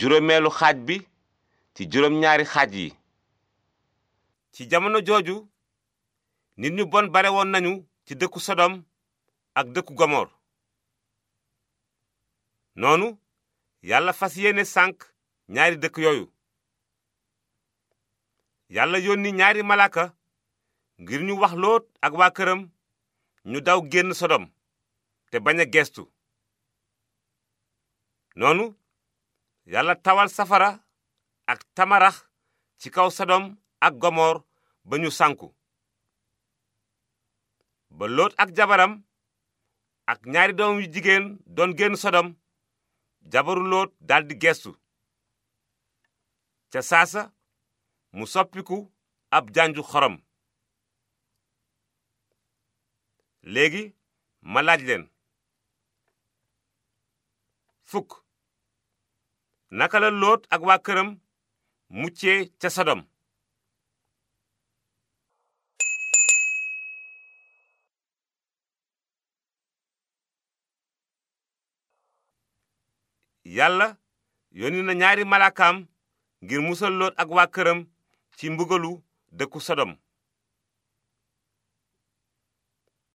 juróomeelu xaaj bi ci juróom-ñaari xaaj yi ci jamono jooju nit ñu bon bare woon nañu ci dëkku sodom ak dëkku gomor noonu yàlla fas yéene sànk ñaari dëkk yooyu yàlla yónni ñaari malaaka ngir ñu wax loot ak waa këram ñu daw génn sodom te bañ a geestu noonu yàlla tawal safara ak tamarax ci kaw sodom ak gomoor ba ñu sanku ba lóot ak jabaram ak ñaari doom yu jigéen doon génn sodom jabaru loot daldi gestu ca saasa mu soppiku ab janju xorom léegi ma laaj leen fukk naka la lóot ak waa këram muccee ca sodom yàlla yónni na ñaari malaakaam ngir musal lóot ak waa këram ci mbugalu dëkku sodom